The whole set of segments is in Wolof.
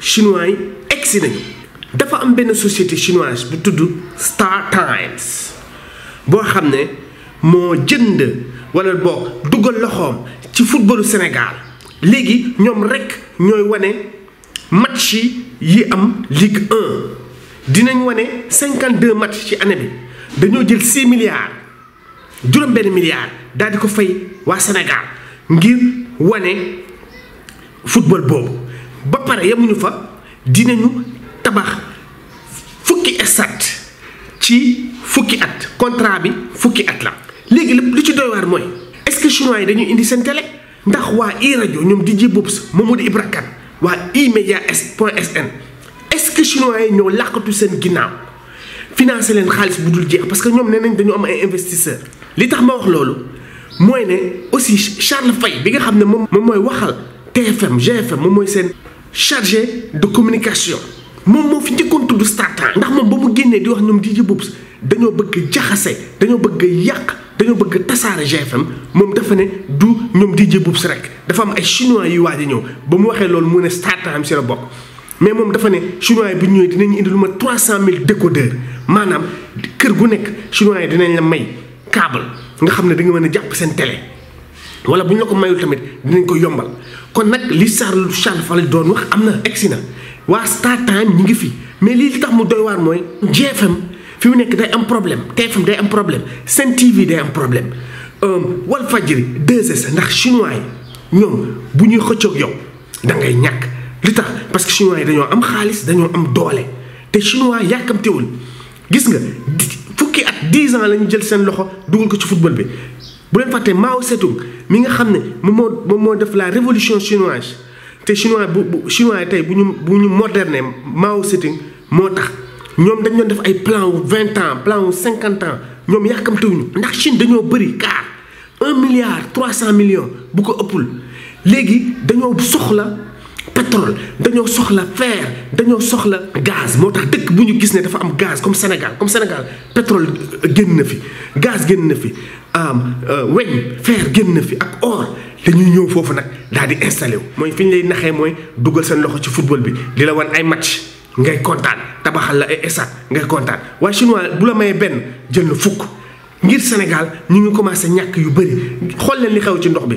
chinois yi egsi nañu dafa am benn société chinoise bu tudd Star Times boo xam ne moo jënd walla boo dugal loxoom ci footballu Sénégal léegi ñoom rekk ñooy wane match yi am Ligue 1 dinañ wane 52 match ci année bi dañoo jël 6 milliards juróom benn milliard daal di ko fay waa Sénégal ngir wane football boobu. ba pare yemuñu fa dinañu tabax fukki stade ci fukki at contrat bi fukki at la léegi lépp lu ci doy waar mooy est-ce que chinois yi dañuy indi seen télé ndax waa i rajo ñoom Didier Bobs Mamadou Ibra Kane i média sn est-ce que chinois yi ñoo làqatu seen ginnaaw financé leen xaalis bu dul jeex parce que ñoom nee dañu am ay investisseurs li tax ma wax loolu mooy ne aussi Charles Faye bi nga xam ne moom waxal TFM GFM moom mooy seen chargé de communication moom moo fi njëkkoon tudd Stratan ndax moom ba de di wax DJ de bëgg jaxase dañoo bëgg yak. dañoo bëgg tasaare GFM moom dafa ne du DJ rek dafa am a ñëw loolu am Monsieur la mais dafa chinois yi bu ñëwee dinañ indi lu trois cent mille décodeurs chinois yi dinañ la may câble nga da nga a télé wala bu la ko mayul tamit dinañ ko yombal kon nag li Charles Charles doon wax am na egsi na Time ñu ngi fi mais lii tax mu doy waar mooy un day am problème TFM day am problème Sen TV day am problème euh, Walfadjri 2S ndax chinois yi ñoom bu ñuy yow da ngay li tax parce que chinois yi am xaalis dañoo am doole te chinois yàkkamtewul gis nga fukki at 10 ans que jël seen loxo dugal ko ci football bi bu leen fàttee mi nga xamne mom mo def la révolution chinoise Les chinois chinois tay buñu buñu moderné mao sitting motax ñom dañ ñon def ay plan 20 ans plan 50 ans ñom yakamti wuñu ndax chine dañoo bari car 1 milliard 300 millions bu ko ëppul légui dañoo soxla pétrole dañoo soxla fer dañoo soxla gaz moo tax dëkk bu ñu gis ne dafa am gaz comme Sénégal comme Sénégal pétrole euh, génn na fi gaz génn na fi euh, weñ fer génn na fi ak or dañuy ñëw foofu nag daal di installé wu. mooy fi ñu lay naxee mooy dugal seen loxo ci football bi di la wan ay match ngay kontaan tabaxal la ay estade ngay kontaan waaye chinois bu la mayee benn jël na fukk ngir Sénégal ñu ngi commencé ñàkk yu bëri xool leen li xew ci ndox bi.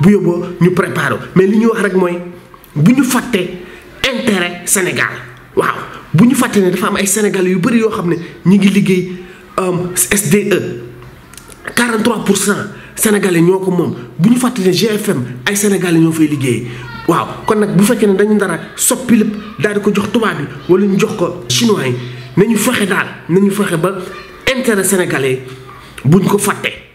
bu yóbboo ñu préparo mais li ñu wax rek mooy bu ñu fàtte intérêt Sénégal waaw bu ñu fàtte ne dafa am ay Sénégalais yu bëri yoo xam ne ñu ngi liggéey um, SDE 43 pour cent Sénégalais ñoo ko moom bu ñu fàtte ne GFM ay Sénégalais ñoo fay liggéey waaw kon nag bu fekkee ne dañu dara soppi lépp daal di ko jox tubaab bi wala ñu jox ko chinois yi nañu fexe daal nañu fexe ba intérêt sénégalais buñ ko fàtte.